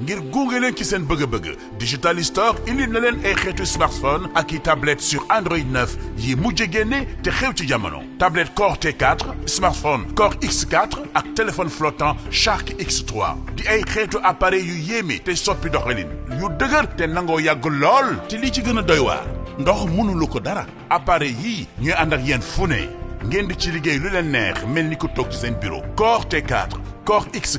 ngir gunge leen ci seen bëgg-bëgg digital store indil na leen ay xeetu smartphone ak i tablette sur Android 9 yi mujj génne te xew ci jamono tablette Core T4 smartphone Core X4 ak téléphone flottant chaque x di ay xeetu appareil yu yéeme te soppi doxalin yu dëgër te nangoo yàgg lool te li ci gën a doy waar ndox mënulu ko dara appareil yii ñuy ànd ak yéen fu ne ngeen di ci liggéey lu leen neex mel ni ku toog ci seen bureau Core T4 Core x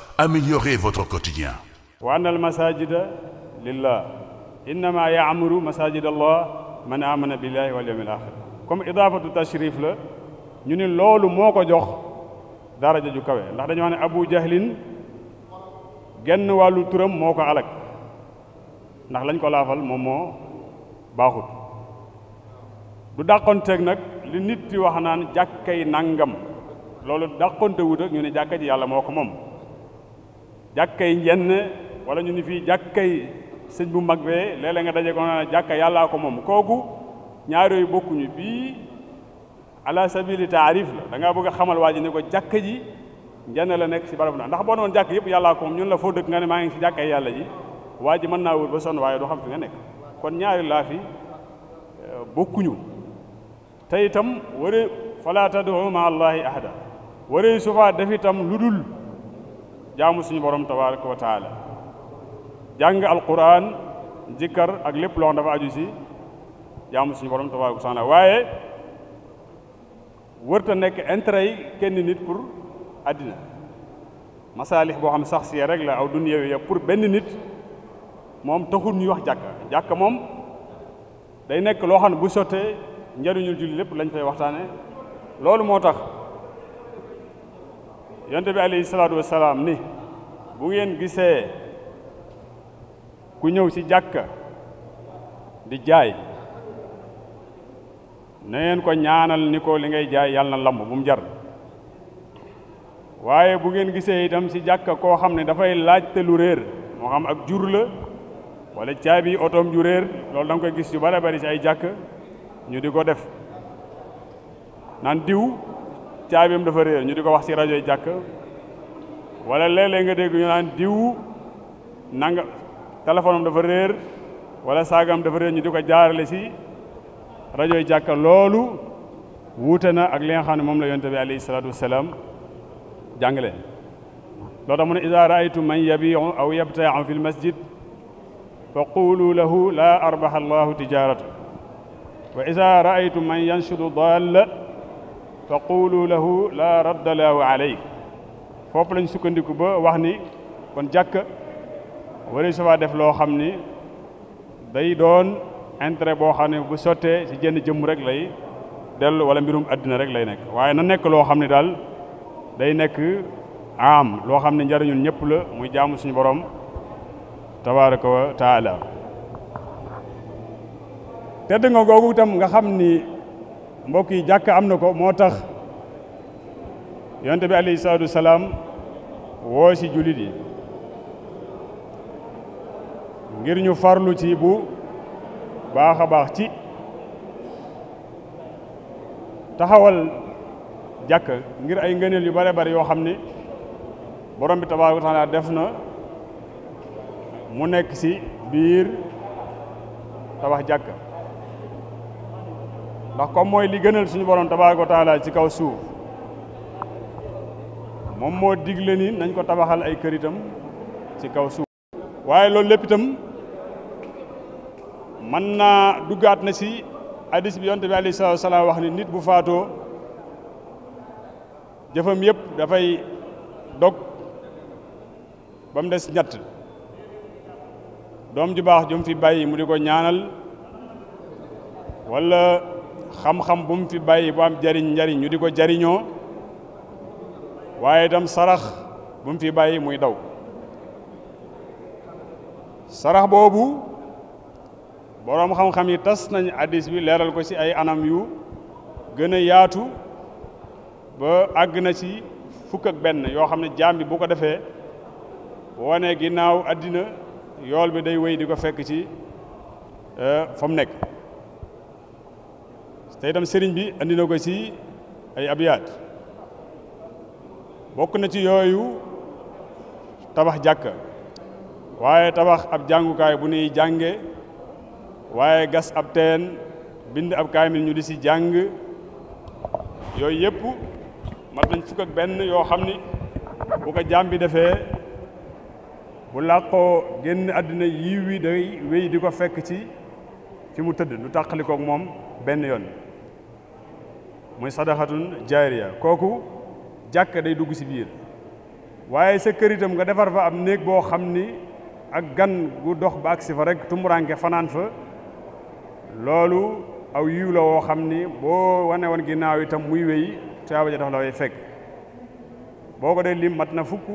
améliorer votre quotidien. wa anna al masajida lillah innama yaamuru masajid allah man amana billahi wal yawmil axir comme idaafatu tashrif la ñu ni loolu moo ko jox daraja ju kawe ndax dañu wax ne abu jahlin genn wàllu turam moo ko alak ndax lañ ko laafal moom moo baaxut du dàqonteeg nag li nit di wax naan jàkkay nangam loolu dàqonte wut ak ñu ne jàkka ji yàlla moo ko moom jàkkay njenn wala ñu ni fii jàkkay sëñ bu mag bee léeg-léeg nga daje ko na jàkka yàllaa ko moom kooku ñaar yooyu bokkuñu bii ala sabili taarif la da ngaa bëgg a xamal waa ji ne ko jàkka ji njenn la nekk si barab na ndax boo noon jàkk yëpp yàllaa ko moom ñun la foo dëkk nga ne maa ngi si jàkkay yàlla ji waa ji mën naa wër ba sonn waaye doo xam fi nga nekk kon ñaari laa fi euh, bokkuñu te itam wara fala tad'u allahi ahada waree su faa def itam lu dul jaamu suñu borom tabaraka ko taala jàng alquran jikkar ak lépp loo xam dafa aju si jaamu suñu borom tabaraka wa taala waaye wërta nekk intérêt yi kenn nit pour àddina masaalix boo xam sax si rek la aw dunya wi pour benn nit moom taxul ñuy wax jàkka jàkka moom day nekk loo xam ne bu sotee njariñul julli lépp lañ fay waxtaane loolu moo tax yonte bi alayhi salaatu wasalaam ni bu ngeen gisee ku ñëw ci jàkka di jaay na ngeen ko ñaanal ni ko li ngay jaay yàlla na lamb bu mu jar waaye bu ngeen gisee itam ci jàkka koo xam ne dafay laajte lu réer moo xam ak jur la wala caabi otoom ju réer lool da koy gis yu bare bari ci ay jàkk ñu di ko def naan diw caabeem dafa réer ñu di ko wax ci rajo yi jàkk nga dégg ñu naan diw nanga dafa réer wala saagam dafa réer ñu di ko jaarale si rajo yi jàkk loolu wuute na ak li nga xam ne moom la yonte bi alayhi salaatu wasalaam jàngale loo tax mu ne ida man yabiu aw yabtaaxu fi lmasjid fa qulu lahu laa arbaxa allahu tijaratu wa ida raaytum man yanshudu dalla faqulu lahu la radda lahu aleyk foofu lañ sukkandiku ba wax ni kon jàkk wari safaa def loo xam ni day doon intérêt boo xam ne bu sottee ci jenn jëmm rek lay dellu wala mbirum àddina rek lay nekk waaye na nekk loo xam ne daal day nekk am loo xam ne njariñul ñëpp la muy jaamu suñu boroom tabaraka wa taala tedd nga googu itam nga xam ni mbokk yi jàkk am na ko moo tax yonte bi alayhi salaatu salaam woo si jullit yi ngir ñu farlu ci bu baax a baax ci taxawal jàkk ngir ay ngëneel yu bare bare yoo xam ne borom bi tabaaraka wa taala def na mu nekk si biir tabax jàkk ndax comme mooy li gënal suñu borom tabaaraka wa taala ci kaw suuf moom moo digle ni nañ ko tabaxal ay këritam itam ci kaw suuf waaye loolu lépp itam mën naa duggaat na si hadis bi yonte bi alayhi salaam wax ni nit bu faatoo jëfam yëpp dafay dog ba mu des ñett doom ju baax jum fi bàyyi mu di ko ñaanal walla xam-xam bu mu fi bàyyi bu am jariñ njariñ ñu di ko jariñoo waaye tam sarax bu mu fi bàyyi muy daw sarax boobu boroom xam-xam yi tas nañu addis bi leeral ko ci ay anam yu gën a yaatu ba àgg na ci fukk ak benn yoo xam ne jaam bi bu ko defee wane ginnaaw àddina yool bi day woy di ko fekk ci euh, fa mu nekk te sëriñ bi andi na ko ci ay abiyaat bokk na ci yooyu tabax jàkka waaye tabax ab jàngukaay bu nuy jànge waaye gas ab teen bind ab kaamil ñu di ci jàng yooyu yëpp mat nañ fukk benn yoo xam ni bu ko jaam bi defee bu làqoo génn àddina yiw wi day wéy di ko fekk ci fi mu tëdd du tàqalikook moom benn yoon muy sadaxatun jaariya kooku jàkka day dugg si biir waaye sa kër itam nga defar fa am néeg boo xam ni ak gan gu dox ba agsi fa rek tumuranke fanaan fa loolu aw yiw la woo xam ni boo wane woon ginnaaw itam muy wéy tuyaaba ja daf la way fekk boo ko dee lim mat na fukk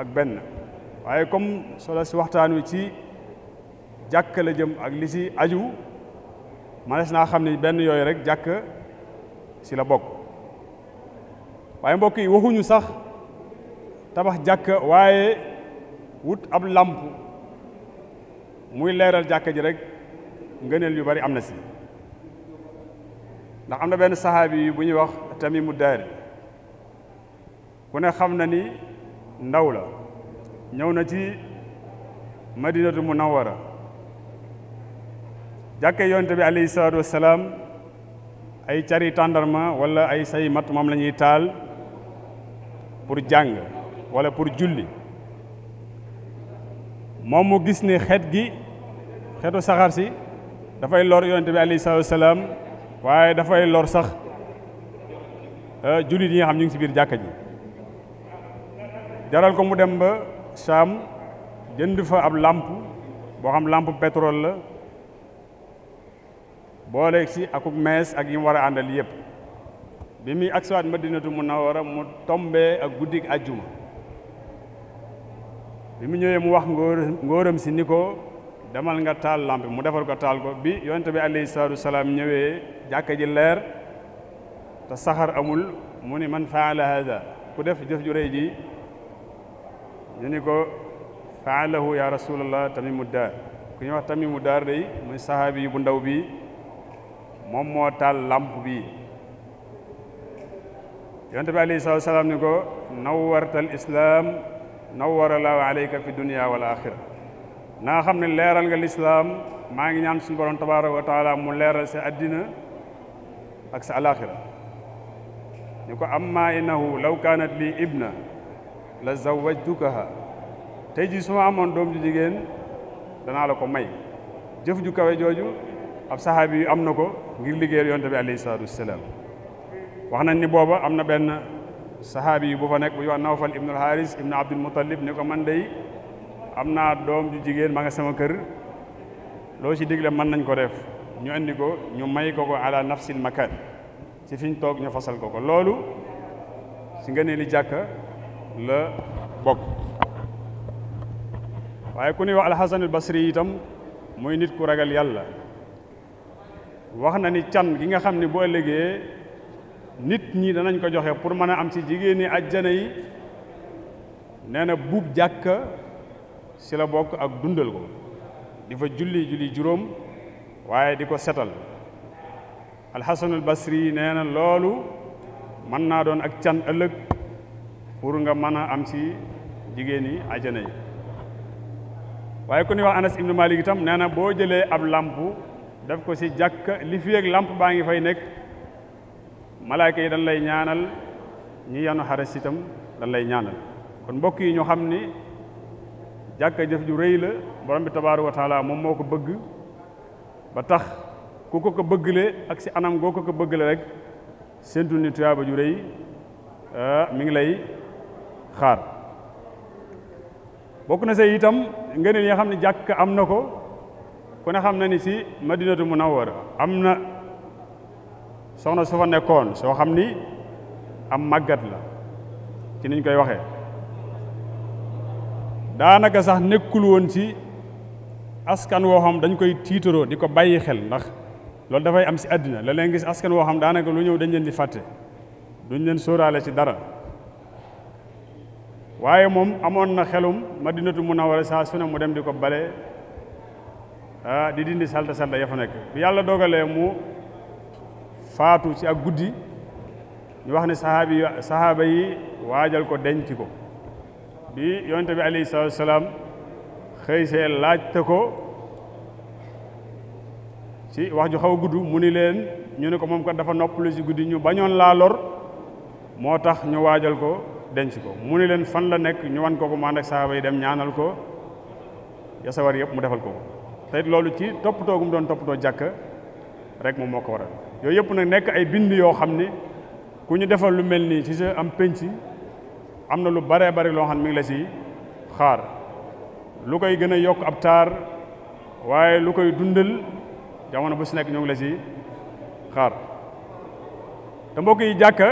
ak benn waaye comme solo si waxtaan wi ci jàkka la jëm ak li si aju manees naa xam ni benn yooyu rek jàkk ci la bokk waaye mbokk yi waxuñu sax tabax jàkka waaye wut ab làmp muy leeral jàkka ji rekk ngëneel yu bari am na si ndax am na benn saxaabi bu ñuy wax Tamimu Daari ku ne xam na ni ndaw la ñëw na ci madinatu munawwara jàkka yonte bi alayhi salaatu wassalaam ay cari tàndarma wala ay say mat moom la ñuy taal pour jàng wala pour julli moom mu gis ne xet gi xetu saxaar si dafay lor yonent bi alayhi salaatu salaam waaye dafay lor sax euh, jullit yi nga xam ñu ngi ci biir jàkka ji jaral ko mu dem ba Saam jënd fa ab làmp boo xam làmp pétrole la boole si akub mees ak yi war a àndal yëpp bi muy agsiwaat madinatu munawwara mu tombee ak guddik ajjuma bi mu ñëwee mu wax ngóor si ni ko demal nga taal lamp mu defal ko taal ko bi yonent bi alayhi salaam ñëwee jàkka ji leer te saxar amul mu ni man faala hada ku def jëf ju ji ñu ni ko faalahu ya rasulallah mu daar ku ñuy wax tamimu daar day muy sahaabi bu ndaw bi moom moo taal làmp bi yonte bi alayhi salaatu salaam ni ko nawwartal islaam nawwaralaahu alayka fi dunya wal axira naa xam ne leeral nga lislaam maa ngi ñaan suñu borom tabaaraka wa taala mu leeral si addina ak sa alaxira ñu ko am amma innahu law kaanat lii ibna la zawajtukaha tey ji su ma amoon doom ju jigéen danaa la ko may jëf ju kawe jooju ab saxaabi yu am na ko ngir liggéeyal yonte bi alayhi salaatu wasalaam wax nañ ni booba am na benn sahaabi yi bu fa nekk bu ñu wax nawfal ibnul ibnu abdul muttalib ni ko man day am naa doom jigéen ma nga sama kër loo ci digle mën nañ ko def ñu indi ko ñu may ko ko ala nafsil makan ci fi toog ñu fasal ko ko loolu si nga ne li la bokk waaye ku ñuy wax alxasanul basri itam muy nit ku ragal yàlla wax na ni can gi nga xam ne boo ëllëgee nit ñi danañ ko joxe pour mën a am ci jigéen ñi ajjana yi nee na buub jàkka si la bokk ak dundal ko di fa julli julli juróom waaye di ko setal alxasanul basri nee na loolu mën naa doon ak can ëllëg pour nga mën a am ci jigéen ñi ajjana yi waaye ku ni wax anas ibnu malik itam nee na boo jëlee ab làmp def ko si jàkk li fi ak baa ngi fay nekk malaayka yi dañ lay ñaanal ñi yanu xaras itam dañ lay ñaanal kon mbokk yi ñu xam ni jàkka jëf ju réy la borom bi tabaaraka moom moo ko bëgg ba tax ku ko ko ak si anam goo ko ko bëggale rek séntu ni tuyaaba ju rëy euh, mi ngi lay xaar bokk na say itam ngëneel yi nga xam ne jàkk am na ko ku ne xam na ni si madinatu munawwara am na soxna su fa nekkoon soo xam ni am màggat la ci niñ koy waxee daanaka sax nekkul woon ci askan woo xam dañ koy tiitaroo di ko bàyyi xel ndax loolu dafay am si àddina la leen gis askan woo xam daanaka lu ñëw dañ leen di fàtte duñ leen sóoraale ci dara waaye moom amoon na xelum madinatu war saa su ne mu dem di ko bale Ah, di dindi salte salte ya fa nekk bi yàlla dogalee mu faatu ci ak guddi ñu wax ne saxaabi saxaaba yi waajal ko denc ko bi yonte bi alayhi salaam xëy see laajte ko ci wax ju xaw a gudd mu ni leen ñu ne ko moom kat dafa noppalu guddi ñu bañoon laa lor moo tax ñu waajal ko denc ko mu ni leen fan la nekk ñu wan ko ko ak saxaaba yi dem ñaanal ko yasawar yëpp mu defal ko ko te loolu ci toppatoo gu mu doon toppatoo jàkk rek moom moo ko waral yooyu yëpp nag nekk ay bind yoo xam ni ku ñu defal lu mel nii ci sa am penc am na lu baree bari loo xam ne mi ngi la si xaar lu koy gën a yokk ab taar waaye lu koy dundal jamono bu si nekk ñu ngi la si xaar te mbokk yi jàkka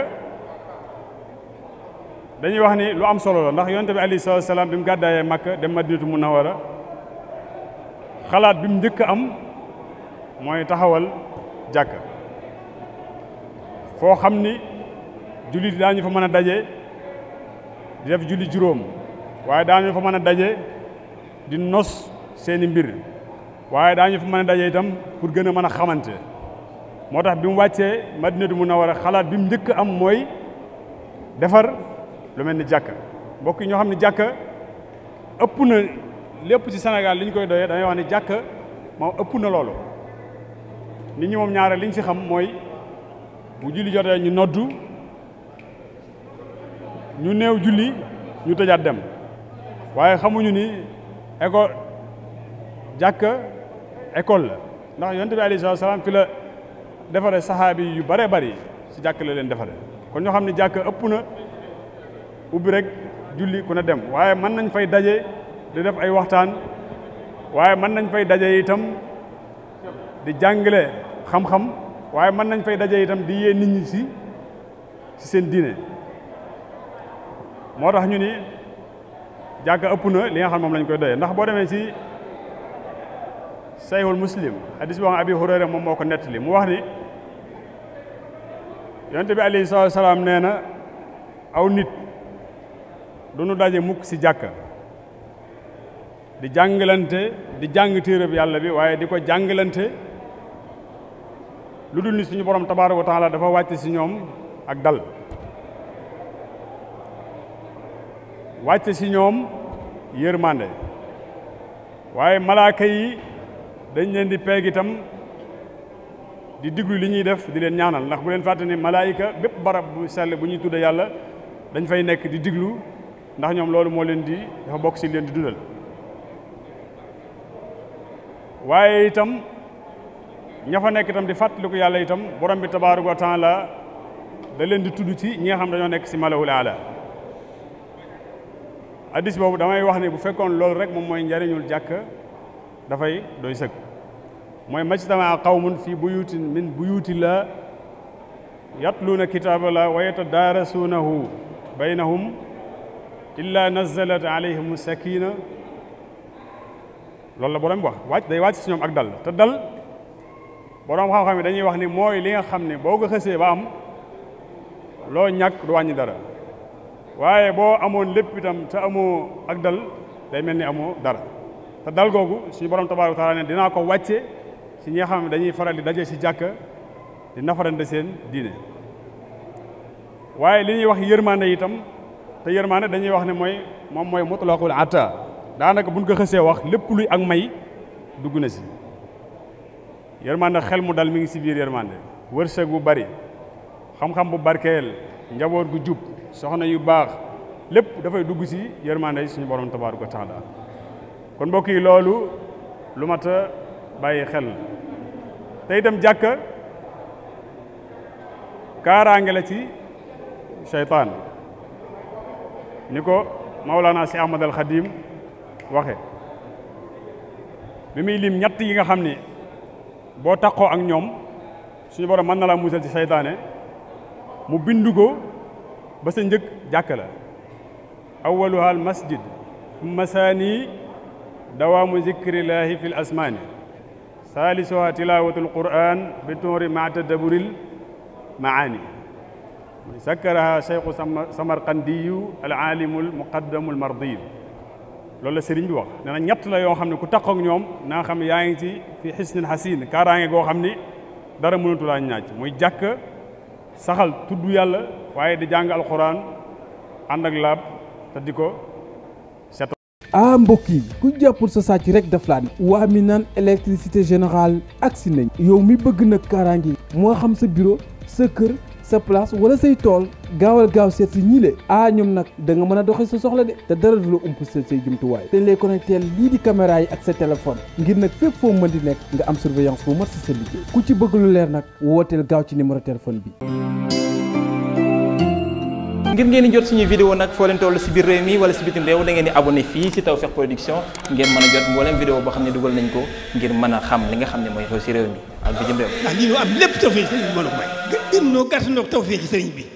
dañuy wax ni lu am solo la ndax yonent bi alayhi salaatu wa salaam bi mu gàddaayee Makka dem Madinatu Munawwara xalaat bi mu njëkk am mooy taxawal jàkka foo xam ni jullit daañu fa mën a daje di def julli juróom waaye daañu fa mën a daje di nos seeni mbir waaye daañu fa mën a daje itam pour gën a mën a xamante moo tax bi mu wàccee Madinatu a xalaat bi mu njëkk am mooy defar lu mel ni jàkka mbokk yi ñoo xam ne jàkka ëpp na lépp si Sénégal li ñu koy doyee damay wax ne jàkk moom ëpp na loolu nit ñi moom ñaare liñ si xam mooy bu julli jotee ñu noddu ñu néew julli ñu tëjaat dem waaye xamuñu ni école jàkk école la ndax yonte bi alayhi salaam fi la defare saxaabi yu bare bari si jàkk la leen defare kon ñoo xam ne jàkk ëpp na ubbi rek julli ku ne dem waaye mën nañ fay daje di def ay waxtaan waaye mën nañ fay daje itam di jàngale xam-xam waaye mën nañ fay daje itam di yee nit ñi si si seen diine moo tax ñu ni jàkka ëpp na li nga xam moom lañ koy doyee ndax boo demee si sayhul muslim hadis bi wax abi hurayra moom moo ko nettali mu wax ni yonte bi alayhi salaam nee na aw nit du daje mukk si jàkka di jàngalante di jàng téereb yàlla bi waaye di ko jàngalante lu dul ni suñu borom tabaaraka wa taala dafa wàcce si ñoom ak dal wàcc si ñoom yërmande waaye malaaka yi dañ leen di peeg itam di diglu li ñuy def di leen ñaanal ndax bu leen fàtte ni malaayika bépp barab bu sell bu ñuy tudde yàlla dañ fay nekk di diglu ndax ñoom loolu moo leen di dafa bokk si leen di dundal waaye itam ña fa nekk itam di fàttaliku yàlla itam borom bi tabaaraka wa la da leen di tudd ci ñi xam dañoo nekk si malawul ala addis boobu damay wax ne bu fekkoon loolu rek moom mooy njariñul jàkk dafay doy sëg mooy majtamaa qawmun fi buyutin min buyutillah yatluuna kitaaballah wa yatadaarasuunahu baynahum illa nazalat alayhim sakina loolu la borom wax wàcc day wàcc si ñoom ak dal te dal borom xam-xam yi dañuy wax ni mooy li nga xam ne boo ko xësee ba am loo ñàkk du wàññi dara waaye boo amoon lépp itam te amoo ak dal day mel ni amoo dara te dal googu suñu borom tabaaraka taala ne dinaa ko wàcce si ñi xam ne dañuy faral di daje si jàkka di nafarante seen diine waaye li ñuy wax yërmande itam te yërmande dañuy wax ne mooy moom mooy mutlaqul ata daanaka buñ ko xësee wax lépp luy ak may dugg na si yërmande xel mu dal mi ngi si biir yërmande wërsëg bu bari xam-xam bu barkeel njaboot gu jub soxna yu baax lépp dafay dugg si yërmande suñu borom tabaaraka taala kon mbokk yi loolu lu mat a bàyyi xel te dem jàkka kaaraange la ci seytaan ni ko Mawlana si Ahmad al Xadim waxe bi muy lim ñett yi nga xam ni boo takkoo ak ñoom suñu borom mën nala laa musal ci seytaane mu bindu ko ba sa njëkk jàkka la awaluha al masjid summa saani dawaamu zikrillaahi fi l asmaani saalisuha tilaawatu l bi tuuri maa tadaburil maani mu ni sakkaraha cheikhu samarqandiyu al aalimu al muqaddamu loolu la sëriñ bi wax nee na ñett la yoo xam ne ku taqook ñoom na xam ne yaa ngi ci fi xisnin xasin kaaraange goo xam ni dara mënatulaa laa ñaaj muy jàkk saxal tudd yàlla waaye di jàng alxuraan ànd ak laab te di ko set ah mbokk yi ku jàppul sa sàcc rek daf laan waa mi naan électricité générale agsi nañ yow mi bëgg nag kaaraange moo xam sa biro sa kër sa place wala say tool gaawal gaaw seet si ñiile ah ñoom nag da nga mën a doxee sa soxla de te dara du la ump sa say jumtuwaay te ñu lay connecté lii di caméra yi ak sa téléphone ngir nag fépp foo mën di nekk nga am surveillance bu ma si sa liggéey ku ci bëgg leer nag wooteel gaaw ci numéro téléphone bi. ngir ngeen di jot suñu vidéo nag foo leen toll si biir réew mi wala si bitim réew da ngeen di abonné fii si Tawfekh Production ngeen mën a jot mboolem boo xam ne dugal nañ ko ngir mën a xam li nga xam ne mooy xew si réew mi. ak bi jëm réew. ndax lii am lépp tawfeex sëriñ bi moo la may. gën noo gàtt noo tawfeex sëriñ bi.